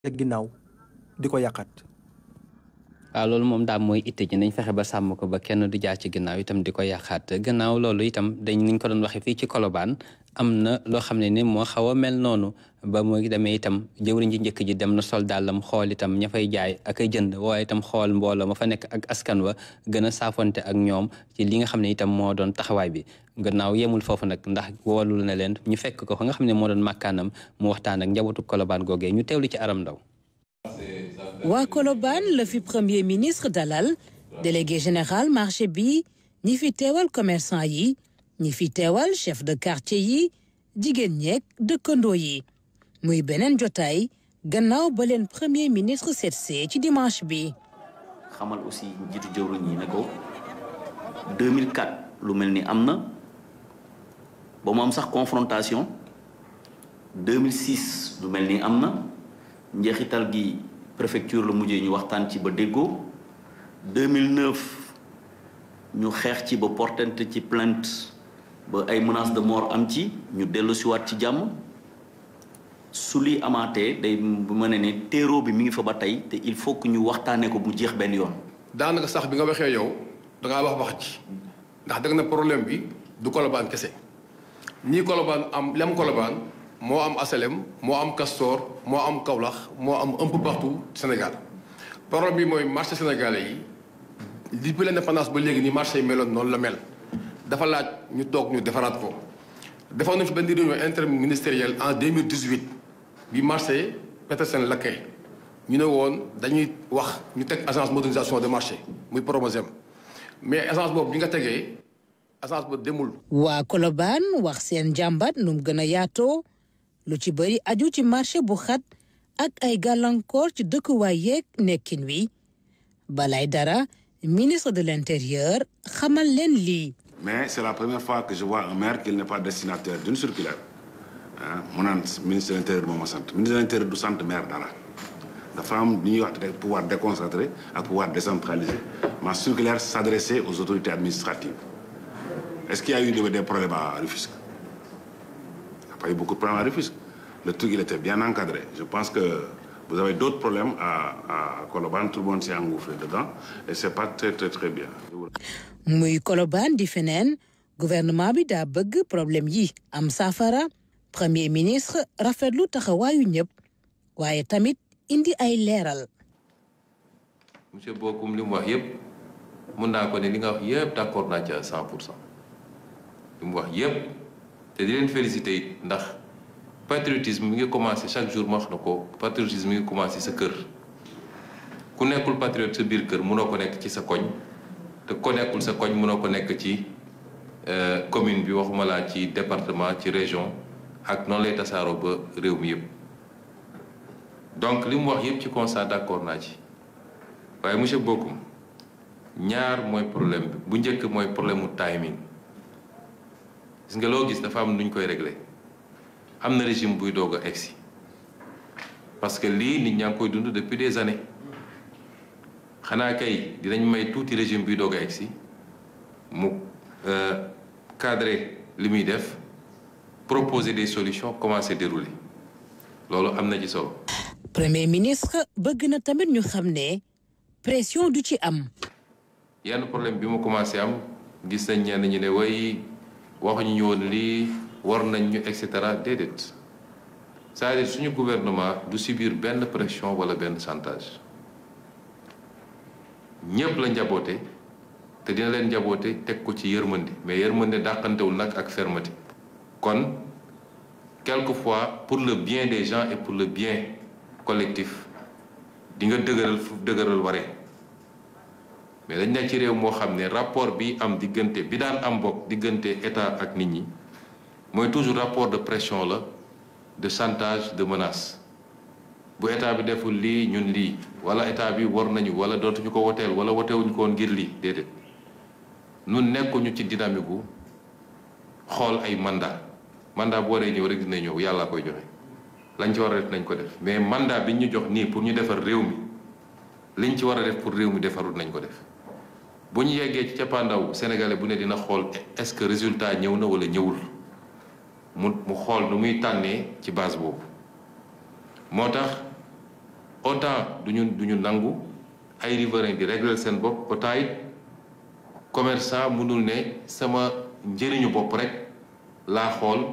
te ginnaaw di ko yàqat waaw ah, loolu moom daal mooy itte ji nañ fexe ba sàmm ko ba kenn du jaar ci ginnaaw itam di ko yàqaat gannaaw loolu itam dañ niñ ko doon waxee fii ci kolobaan am na loo xam ne ni moo xaw a mel noonu ba mu demee itam jëwriñ ji njëkk ji dem na sol dàllam xool itam ña fay jaay ak ay jënd waaye itam xool mbooloo ma fa nekk ak askan wa gën a saafonte ak ñoom ci li nga xam ne itam moo doon taxawaay bi nga naaw yemul foofu nag ndax woolul na leen ñu fekk ko fa nga xam ne moo doon màkkaanam mu waxtaan ak njabootu kolobaan googee ñu teewlu ci aram ndaw waa kolobaan la fi premier ministre dalal délégué général marché bi ñi fi yi Nifitewal, chef de quartier yi jigéen de Kondoyi. yi muy beneen jotaay gannaaw premier ministre seetsee ci dimanche bi xamal aussi njiitu jëwriñ ñi nako, 2004 lu melni bon am am sax confrontation 2006 lu melni amna, am gi préfecture lu mujjee ñu waxtaan ci ba 2009 ñu xeex ci ba portante ci plainte ba ay menace de mort am ci ñu ci wat ci jamm suli lii day mëne ne bi mi ngi fa ba tey te il faut que ñu waxtané ko bu jeex ben yoon. naka sax bi nga waxé yow da nga wax wax ci ndax da nga problème bi du koloban kese Ni koloban am lem koloban mo am asalem mo am castor mo am kawlax mo am un peu partout Sénégal problème bi moy marché sénégalais yi depuis l'indépendance ba légui ni marché melone non la mel. dafa laaj ñu toog ñu defaraat ko defoon nañu fi benn réunion interministérielle en 2018 bi marché Petersen lakkee ñu ne woon dañuy wax ñu teg agence modernisation de marché muy Promosem mais agence boobu bi nga tegee agence boobu demul. waa Colobane wax seen jàmbat nu mu gën a yaatoo lu ci bëri aju ci marché bu xat ak ay gàllankoor ci dëkkuwaay yeeg nekkin wi balay dara ministre de l'intérieur xamal leen lii. Mais c'est la première fois que je vois un maire qui n'est pas destinataire d'une circulaire. Hein? Mon ministre de l'Intérieur, mon centre. Ministre de l'Intérieur du centre maire d'Ara. La femme, a de pouvoir déconcentrer, à pouvoir décentraliser. Ma circulaire s'adressait aux autorités administratives. Est-ce qu'il y a eu des problèmes à Rufusque Il n'y a pas eu beaucoup de problèmes à Rufusque. Le truc, il était bien encadré. Je pense que vous avez d'autres problèmes à, à Coloban, tout le monde s'est engouffré dedans, et n'est pas très, très, très bien. muy Colobane di feneen gouvernement bi daa bëgg problème yi am saafara premier ministre rafetlu taxawaayu ñëpp waaye tamit indi ay leeral. monsieur Bokoum li mu wax yëpp mun naa ko ne li nga wax yëpp accord naa ci à cent pour cent li mu wax yëpp te di leen félicité it ndax patriotisme mi ngi commencé chaque jour ma wax na ko patriotisme mi ngi commencé sa kër ku nekkul patriote sa biir kër munoo ko nekk ci sa koñ te ko nekkul sa koñ mënoo ko nekk ci eh, commune bi waxuma la ci département ci région ak noonu lay tasaaroo ba réew mi yëpp donc lim mu wax yëpp ci constat d'accord naa ci waaye monsieur Bocoum ñaar moy problème bi bu ñëk moy problème timing gis nga lo gis dafa am nuñ koy régler amna régime buy doga exi parce que li nit ñang koy dund depuis des années xanaa kay dinañ may tuuti régime bi doog a egsi mu euh, cadrer li muy def proposer des solutions commencer dérouler loolu am na ci solo. premier ministre bëgg na tamit ñu xam ne pression du ci am. yenn problème bi mu commencé am gis nañ ñenn ñu ne way waxuñu ñu woon lii war nañ ñu et cetera déedéet c'est-à-dire suñu gouvernement du subir benn pression wala benn chantage ñëpp la njaboote te dina leen njaboote teg ko ci yërmande mais yërmande dàqantewul nag ak fermeté kon quelquefois pour le bien des gens et pour le bien collectif di nga dëgëral fu dëgëral waree mais dañ ne ci réew moo xam ne rapport bi am diggante bi daan am bokk diggante état ak nit ñi mooy toujours rapport de pression la de chantage de menace bu état bi deful lii ñun lii wala état bi war nañu wala dootuñu ko woteel wala wotewuñu ko woon ngir lii déedéet nun nekkuñu ci dynamique gu xool ay mandat mandat boo dee ñëw rek dina ñëw yàlla koy joxe lañ ci war a def nañ ko def mais mandat bi ñu jox nii pour ñu defar réew mi liñ ci war a def pour réew mi defarul nañ ko def bu ñu yeggee ci cappaandaw sénégalais bu ne dina xool est-ce que résultat ñëw na wala ñëwul mu mu xool nu muy tànnee ci base boobu moo tax autant duñu duñu nangu ay riverain di régler sen bop autant it commerçant mënul ne sama njëriñu bop rek la xol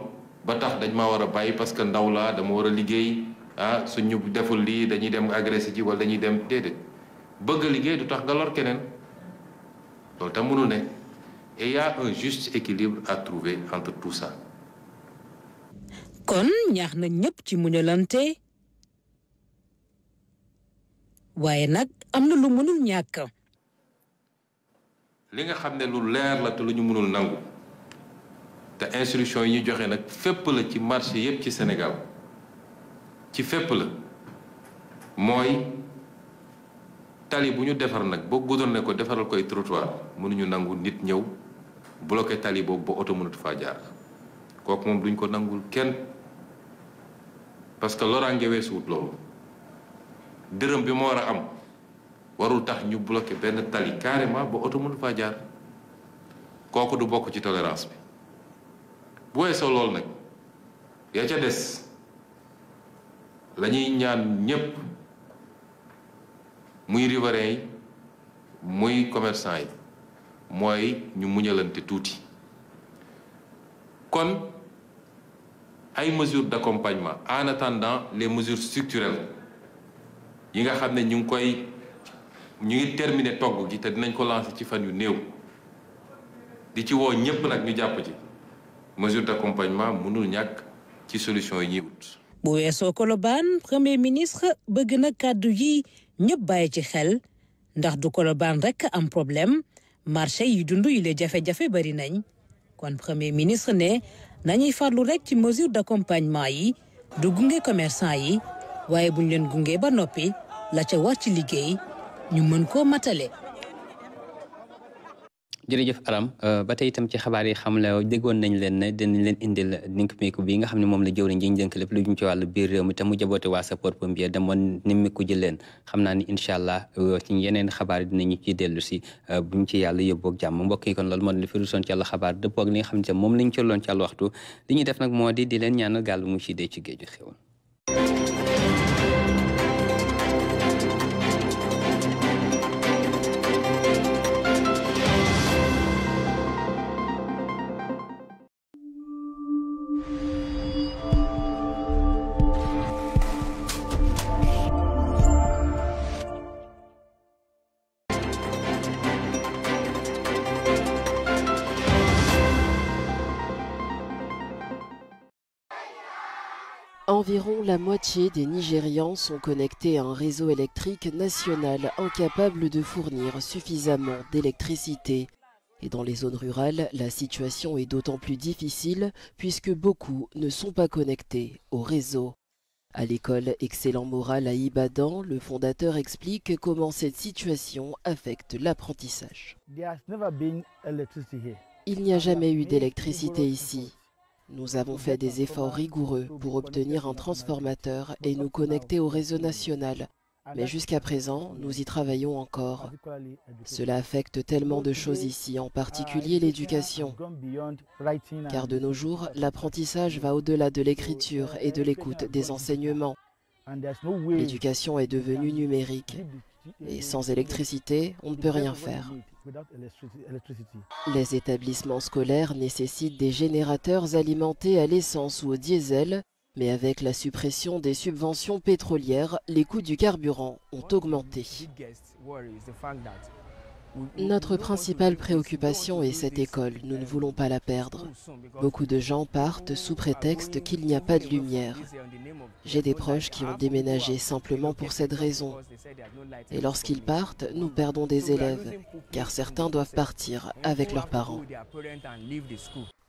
ba tax dañ ma wara bayyi parce que ndaw la dama wara a liggéey ah suñu deful li dañuy dem agressé ci wala dañuy dem dédé bëgg liggéey du tax galor kenen lol ta mënul ne et y'a un juste équilibre à trouver entre tout ça. kon ñaax na ñëpp ci muñalante waaye nag am na lu mënul ñàkk. li nga xam ne lu leer la te lu ñu mënul nangu te instruction yi ñu joxe nag fépp la ci marché yépp ci Sénégal ci fépp la mooy tali bu ñu defar nag boo ne ko defaral koy trottoir mënuñu nangu nit ñëw bloqué tali boobu ba oto mënut faa jaar kooku moom duñ ko nangul kenn parce que loraange weesuwut loolu. dërëm bi ma war a am warul tax ñu bloqué benn tali carrément ba auto mënu faa jaar kooku du bokk ci tolérance bi bu weesoo loolu nag ya ca des la ñuy ñaan ñépp muy riverain yi muy commerçant yi mooy ñu muñalante tuuti kon ay mesures d'accompagnement en attendant les mesures structurelles yi nga xam ne ñu ngi koy ñu ngi terminé togg gi te dinañ ko lancer ci fan yu néew di ci woo ñépp nag ñu jàpp ci mesure d'accompagnement mënul ñàkk ci solution yi ñuy wut. bu weesoo Colobane premier ministre bëgg na kàddu yi ñëpp bàyyi ci xel ndax du Colobane rekk am problème marché yi dund yi la jafe-jafe bari nañ kon premier ministre ne nañuy farlu rekk ci mesure d'accompagnement yi du gunge commerçant yi waaye buñ leen gunge ba noppi. la ca war ci liggéey ñu mën koo matale. jërëjëf Aram euh, ba tey itam ci xabaar yi xam la déggoon nañ leen ne dinañ leen indil nimmiku bi nga xam ne moom la jëwriñ ji ñu dénk lépp lu jëm ci wàllu biir réew mi te mu jaboote leen xam naa ni incha allah euh, ci yeneen xabaar yi dinañu ciy dellu si euh, buñ ci yàlla yóbboog jàmm mbokk yi kon loolu moo di fi ci yàlla xabaar dëppoog li nga xam ne moom lañ ci loon ci yàlla waxtu li ñuy def nag moo di di leen ñaanal gaal bu mu ci dee ci géeju xéwal Environ la moitié des Nigérians sont connectés à un réseau électrique national incapable de fournir suffisamment d'électricité. Et dans les zones rurales, la situation est d'autant plus difficile puisque beaucoup ne sont pas connectés au réseau. À l'école Excellent Moral à Ibadan, le fondateur explique comment cette situation affecte l'apprentissage. Il n'y a jamais eu d'électricité ici. Nous avons fait des efforts rigoureux pour obtenir un transformateur et nous connecter au réseau national. Mais jusqu'à présent, nous y travaillons encore. Cela affecte tellement de choses ici, en particulier l'éducation. Car de nos jours, l'apprentissage va au-delà de l'écriture et de l'écoute des enseignements. L'éducation est devenue numérique. Et sans électricité, on ne peut rien faire. Les établissements scolaires nécessitent des générateurs alimentés à l'essence ou au diesel, mais avec la suppression des subventions pétrolières, les coûts du carburant ont augmenté. Notre principale préoccupation est cette école. Nous ne voulons pas la perdre. Beaucoup de gens partent sous prétexte qu'il n'y a pas de lumière. J'ai des proches qui ont déménagé simplement pour cette raison. Et lorsqu'ils partent, nous perdons des élèves, car certains doivent partir avec leurs parents.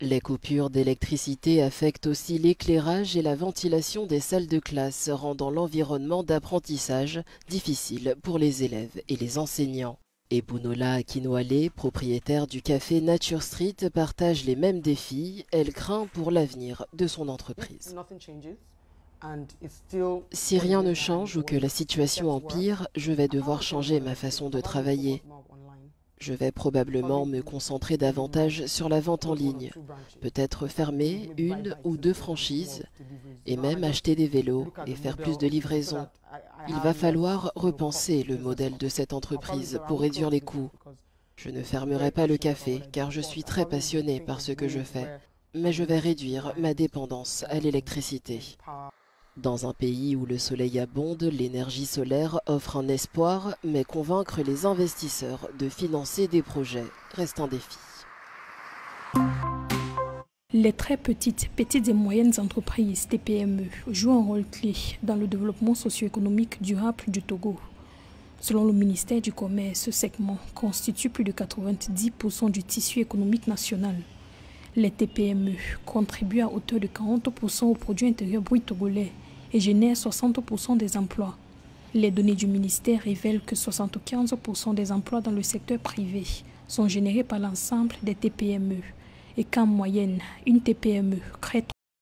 Les coupures d'électricité affectent aussi l'éclairage et la ventilation des salles de classe, rendant l'environnement d'apprentissage difficile pour les élèves et les enseignants. Et Bounola Kinoale, propriétaire du café Nature Street, partage les mêmes défis. Elle craint pour l'avenir de son entreprise. Si rien ne change ou que la situation empire, je vais devoir changer ma façon de travailler. Je vais probablement me concentrer davantage sur la vente en ligne, peut-être fermer une ou deux franchises et même acheter des vélos et faire plus de livraisons. Il va falloir repenser le modèle de cette entreprise pour réduire les coûts. Je ne fermerai pas le café car je suis très passionné par ce que je fais, mais je vais réduire ma dépendance à l'électricité. Dans un pays où le soleil abonde, l'énergie solaire offre un espoir, mais convaincre les investisseurs de financer des projets reste un défi. Les très petites, petites et moyennes entreprises, TPME, jouent un rôle clé dans le développement socio-économique durable du Togo. Selon le ministère du Commerce, ce segment constitue plus de 90% du tissu économique national. Les TPME contribuent à hauteur de 40% au produit intérieur brut togolais et génère 60% des emplois. Les données du ministère révèlent que 75% des emplois dans le secteur privé sont générés par l'ensemble des TPME et qu'en moyenne, une TPME crée